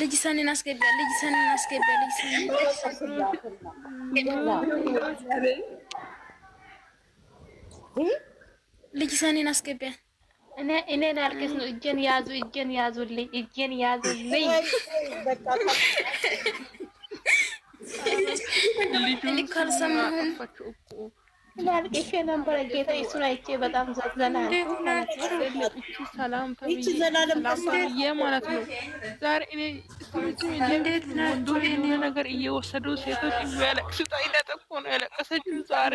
ልጅ ሰኔን አስገቢያ ልጅ ሰኔን አስገቢያ ልጅ ሰኔን ልጅ ሰኔን አስገቢያ። እኔ እኔን አልቅስ ነው። እጄን ያዙ፣ እጄን ያዙልኝ፣ እጄን ያዙልኝ። ልጅ ካልሰማሁም ማልቀሽ የነበረ ጌታ እሱን አይቼ በጣም ዘዘና ሰላም ማለት ነው። ዛሬ እኔ ነገር እየወሰዱ ሴቶች የሚያለቅሱት አይነት እኮ ነው ያለቀሰችው ዛሬ።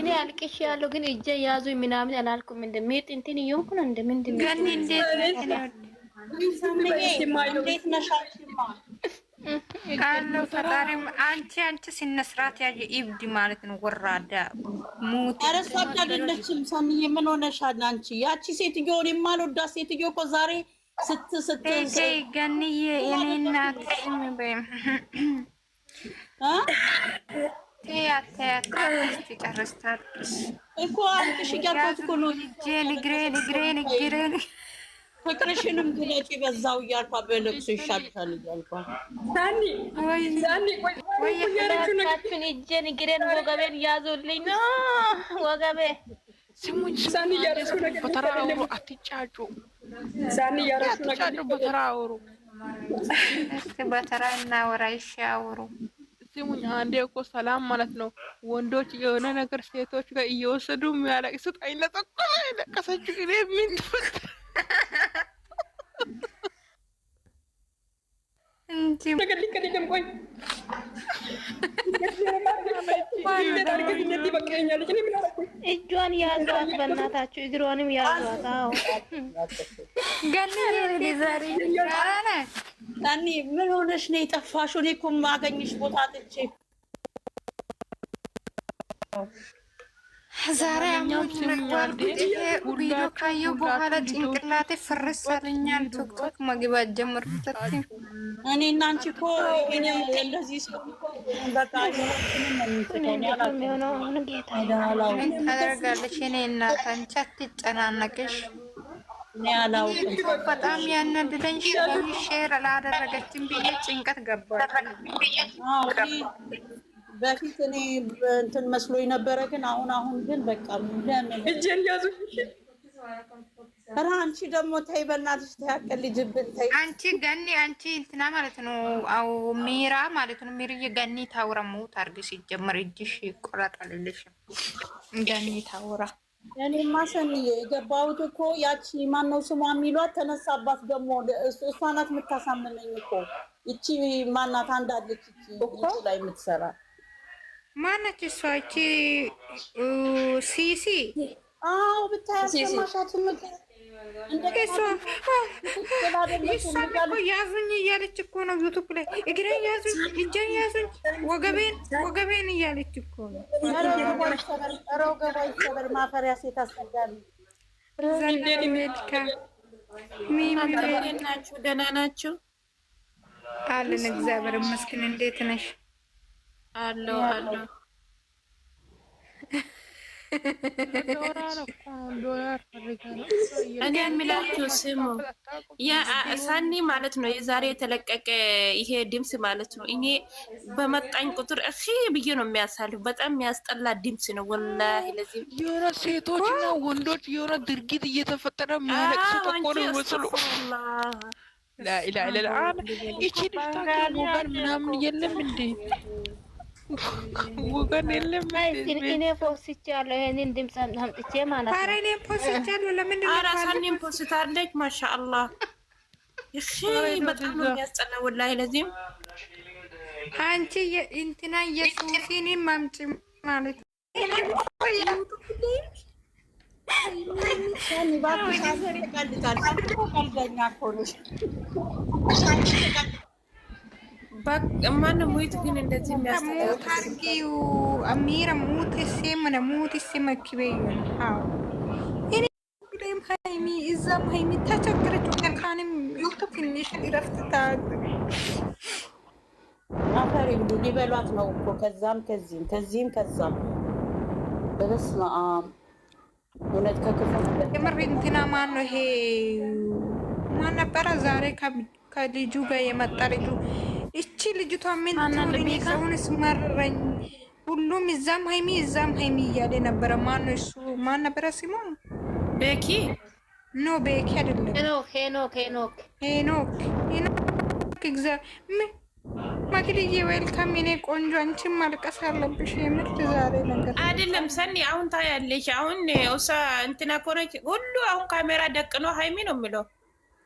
እኔ አልቅሽ ያለው ግን እጄ ያዙ ምናምን አላልኩም። እንደሚሄድ እንትን እየሆንኩ ነው እንደምንድን ነው ፈጣሪም አንቺ አንቺ ሲነስርዓት ያየ ኢብድ ማለት ነው። ወራዳ ሙት። ኧረ እሷ አይደለችም። ሰሚዬ ምን ሆነሻል አንቺ? ያቺ ሴትዮ እኔ የማልወዳት ሴትዮ እኮ ዛሬ ስት ስት ገንዬ የእኔ እናት እኮ ፍቅርሽንም ግለጪ በዛው እያልኳ በለቅሶ ይሻልሻል እያልኳ ወይራችን እጄን እግሬን ወገቤን ያዙልኝ ነው ወገቤ ስሙኝ በተራ አውሩ አትጫጩ አትጫጩ በተራ አውሩ እስኪ በተራ እሺ አውሩ አንዴ እኮ ሰላም ማለት ነው ወንዶች የሆነ ነገር ሴቶች ጋር እየወሰዱ የሚያለቅሱት አይነት እኮ ለቀሰች እኔ ምን እጇን ያዟት፣ በእናታችሁ እግሯንም ያዟት። አዎ ምን ሆነሽ ነው የጠፋሽው? እኔ እኮ የማገኝሽ ቦታ አጥቼ ዛሬ አሞኝ መግባል ይሄ ቪዲዮ ካየሁ በኋላ ጭንቅላቴ ፍርስ አለኛል። ቶክቶክ መግባት ጀመርኩት። እኔ እናንቺ እኮ እንደዚህ እኔ እናት አንቺ አትጨናነቅሽ። በጣም ያናደደኝ ሼር አላደረገችም ብዬ ጭንቀት ገባል። በፊት እኔ እንትን መስሎ ነበረ፣ ግን አሁን አሁን ግን በቃ ለምን ኧረ አንቺ ደግሞ ተይ በእናትሽ ተይ፣ አትቀልጂብን ተይ። አንቺ ገኒ አንቺ እንትና ማለት ነው፣ አው ሚራ ማለት ነው። ሚርዬ ገኒ ታውረሙ ታርግ ሲጀምር እጅሽ ይቆረጣልልሽ። ገኒ ታውራ እኔ ሰኒዬ የገባሁት እኮ ያቺ ማን ነው ስሟ የሚሏት ተነሳባት። ደግሞ እሷ ናት የምታሳምነኝ እኮ ይቺ ማናት? አንድ አለች ላይ የምትሰራ ማነች እሷ? ይቺ ሲሲ አዎ፣ ብታያሰማታትም እኮ ያዙኝ እያለች እኮ ነው ዩቱብ ላይ እግሬን ያዙኝ፣ እጄን ያዙኝ፣ ወገቤን ወገቤን እያለች እኮ ነው። ኧረ ወገቧ ይሰበር ማፈሪያ ደህና ናችሁ አለን። እግዚአብሔር ይመስገን። እንዴት ነሽ? አለው አለው እኔ የሚላችሁ ስሙ ሳኒ ማለት ነው። የዛሬ የተለቀቀ ይሄ ድምፅ ማለት ነው። እኔ በመጣኝ ቁጥር እሺ ብዬ ነው የሚያሳልፍ። በጣም የሚያስጠላ ድምፅ ነው ወላሂ። ለዚህ የሆነ ሴቶችና ወንዶች የሆነ ድርጊት እየተፈጠረ የሚያለቅሱ ተቆሎ ይመስሉ ላኢላ ለልአን ይቺ ድርታ ሞባል ምናምን የለም እንዴ ወገን የለም። እኔ ፖስቻለሁ ይሄንን ድምፅ አምጥቼ ማለት ነው። ኧረ እኔም ፖስቻለሁ። ለምንድን ነው ሳኔም ፖስታለች። ማሻአላህ እሺ፣ በጣም ነው የሚያስጠላው ወላሂ። ለዚህም አንቺ እንትና የሱፊንም አምጪ ማለት ነው ማንም ሙት ግን እንደዚህ የሚያስተካክሉ አሚራ ሙት ሲምነ ሙት ሲመክበዩ አዎ እኔ ብለም እዛም ሃይሚ ተቸገረች። ከካንም ይሁት ትንሽ እረፍት ታግ አፈሪ ሊበሏት ነው እኮ ከዛም ከዚህም ከዚህም ከዛም በበስመ አብ እውነት ከክፍል የምር እንትና ማን ነው ይሄ ማን ነበረ ዛሬ ከልጁ ጋር የመጣ ልጁ እቺ ልጅቷ ምን ትሆን? ሰውን ስመረረኝ ሁሉም እዛም ሀይሚ እዛም ሀይሚ እያለ ነበረ። ማን እሱ ማን ነበረ? ሲሞ ቤኪ ኖ ቤኪ አይደለም፣ ሄኖክ ሄኖክ ማክልዬ ዌልካም የኔ ቆንጆ፣ አንቺም ማልቀስ አለብሽ። የምርት ዛሬ ነገር አይደለም ሰኒ። አሁን ታያለሽ። አሁን ውሳ እንትና ኮነች ሁሉ አሁን ካሜራ ደቅኖ ሀይሚ ነው የሚለው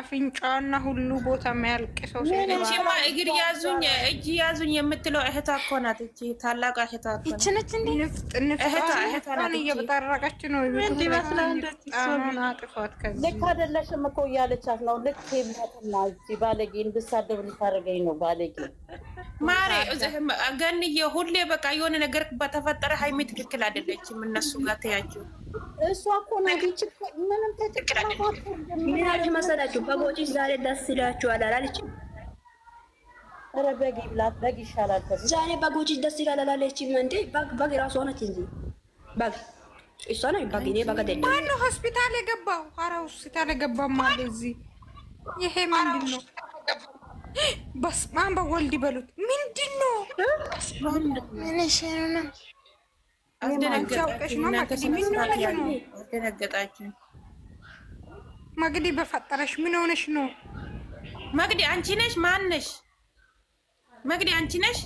አፍንጫና ሁሉ ቦታ የሚያልቅ ሰው እግር ያዙኝ እጅ ያዙኝ የምትለው እህቷ እኮ ናት። እቺ ታላቅ እህቷ እኮ ናት። እየበጠረቀች ነው። አጥፏት ከዚህ ልክ አይደለሽም እኮ እያለቻት ነው። ልክ ባለጌ እንድሳደብ ልታደርገኝ ነው ባለጌ ማሬ ገንዬ ሁሌ በቃ የሆነ ነገር በተፈጠረ ሀይሚ ትክክል አይደለችም። እነሱ ጋር ተያቸው። እሷ እኮ ናዲች ምንም ትክክል አይደለችም መሰላችሁ። በጎችሽ ዛሬ ደስ ይላችኋል አላለችም? ኧረ በግ ይብላት በግ ይሻላል። ዛሬ በጎች ደስ ይላል አላለችም እንዴ? በግ ራሱ ሆነች እንጂ በግ እሷ ነው በግ ኔ በግ አይደለም። ማነው ሆስፒታል የገባው? ኧረ ሆስፒታል የገባማ እዚህ ይሄ ምንድን ነው? በስማን በወልድ ይበሉት። ምንድን ነው አስደነገጣችሁ? መግዲ በፈጠረሽ ምን ሆነሽ ነው? መግዲ አንቺ ነሽ? ማን ነሽ? መግዲ አንቺ ነሽ?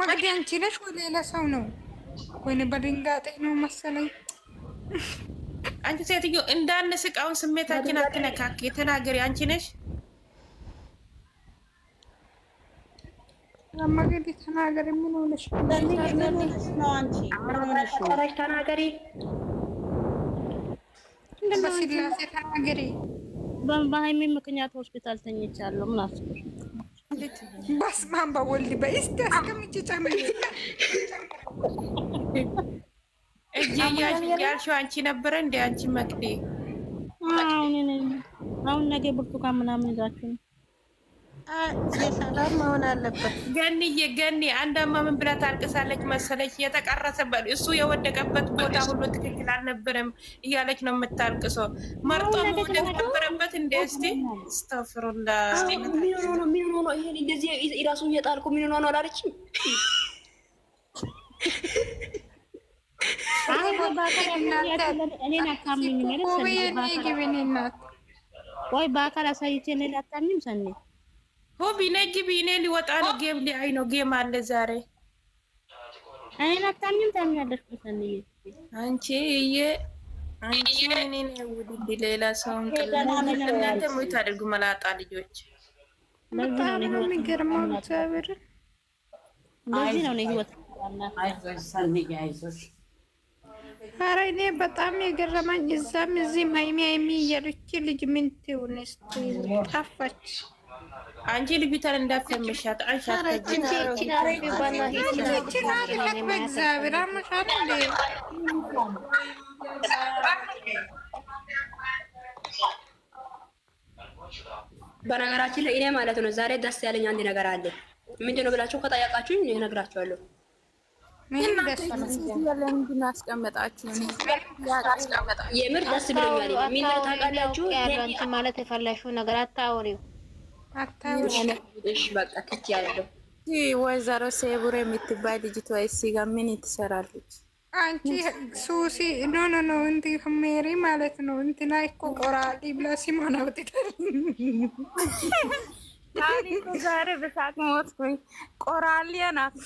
መግዲ አንቺ ነሽ ወይ ሌላ ሰው ነው? ወይኔ በድንጋጤ ነው መሰለኝ። አንቺ ሴትዮ እንዳንስቅ፣ ስሜታችን አትነካክ። የተናገሪ አንቺ ነሽ? ለማገድ ተናገሪ። ምን ሆነሽ ነው ተናገሪ በስላሴ ተናገሪ። በሀይሜ ምክንያት ሆስፒታል ተኝቻለሁ። ምን አስበሽ? በስመ አብ በወልድ በእስቲ አስቀምጪ ጨምሪ። እጅ እያልሽው አንቺ ነበረ እንደ አንቺ መቅዴ። አሁን ነገ ብርቱካን ምናምን ይዛችሁ ነው ሰላም መሆን አለበት። ገኒዬ ገኒ አንዳማ ምን ብላ ታልቅሳለች መሰለች የተቀረሰበት እሱ የወደቀበት ቦታ ሁሉ ትክክል አልነበረም እያለች ነው የምታልቅሰው። መርጦ መውደቅ ነበረበት እንደ እስቲ ስተፍሩላ ምን ሆኖ ይሄን እንደዚህ ራሱ እየጣልኩ ምን ሆኖ አላለችም። ወይ በአካል አሳይቼ እኔ ላታምኝም ሰኔ ቦቢ ነጅ ቢኔ ሊወጣ ነው። ጌም ሊያይ ነው። ጌም አለ ዛሬ። እኔ አታምኝም ታምኛለሽ። ኮሰንዬ አንቺ እየ አንቺ እኔ ነው ውድ ሌላ ሰው እናንተ ሞይ ታደርጉ መላጣ ልጆች። በጣም ነው የሚገርመው። እግዚአብሔር እንደዚህ ነው ህይወት። አይዞሽ እኔ በጣም የገረመኝ እዛም እዚህም አይሚ አይሚ ልጅ ምን ትሆን ጠፋች። አንቺ ልጅቷን እንዳትፈምሻት አንሻት። በነገራችን ላይ እኔ ማለት ነው ዛሬ ደስ ያለኝ አንድ ነገር አለ። ምንድን ነው ብላችሁ ከጠየቃችሁኝ እነግራችኋለሁ። የምር ደስ ብሎኛል። ምን ታውቃላችሁ ማለት የፈለግሽው ነገር ወይዘሮ ሴቡር የምትባል ልጅቷ እሱ ጋ ምን ትሰራለች? አንቺ ሱሲ ኖ ኖ ኖ እንዲ ሜሪ ማለት ነው። እንትና እኮ ቆራጥ ብላ ሲሞን አውጥታል። ዛሬ በሳቅ ሞትኩኝ። ቆራሊያ ናት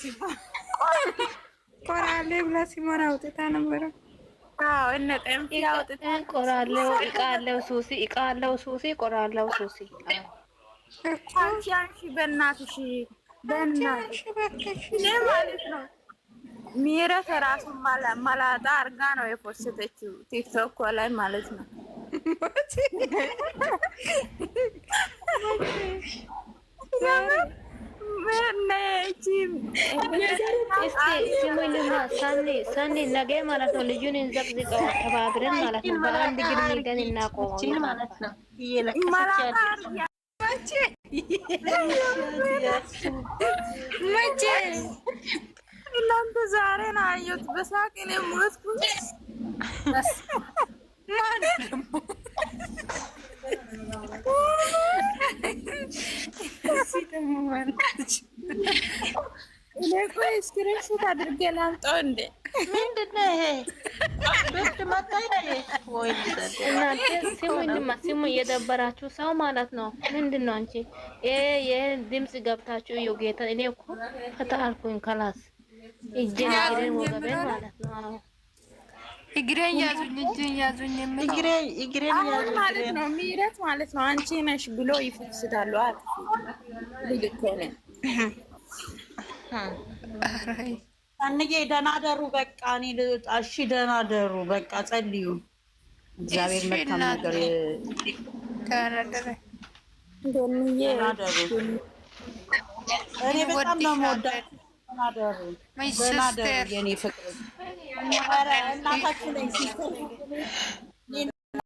ቆራሌ ብላ ሲሞን አውጥታ ነበረ። እነ ጠምፊ አውጥታ ቆራለው፣ እቃለው፣ ሱሲ እቃለው፣ ሱሲ ቆራለው፣ ሱሲ አንቺ አንቺ በእናትሽ በእናትሽ ማለት ነው። ምህረት ራሱን መላጣ አርጋ ነው የፖስተችው ቲክቶክ ላይ ማለት ነው። ሰኔ ነገ ማለት ነው ልጁን እንዘቅዝቀው ተባብረን ማለት ነው። በአንድ ግድሚ ገን እናቆመ ማለት ነው። መቼ እናንተ ዛሬ ነው አየሁት። በሳቅ እኔ ሞትኩኝ። ማን ደግሞ እኔ ቆይ እስክሪፕት አድርጌ ላምጣው እንዴ ምንድን ነው ይሄ? እናንተ ስሙ እየደበራችሁ ሰው ማለት ነው። ምንድን ነው አንቺ ድምፅ ገብታችሁ እዩ። ጌታ እኔ እኮ ፈታ ከላስ እጄን እግሬን ወገቤን ማለት ነው። እግሬን ያዙኝ፣ እጄን ያዙኝ፣ ማለት ነው። ምሕረት ማለት ነው። አንቺ ነሽ ብሎ ይፈስዳሉ። አይ ልክ ነህ። አንዬ ደህና ደሩ። በቃ እኔ ልውጣ። እሺ ደህና ደሩ። በቃ ጸልዩ። እግዚአብሔር መልካም ነገር እኔ በጣም ነው የምወዳችሁ። ደህና ደሩ፣ ደሩ የኔ ፍቅር።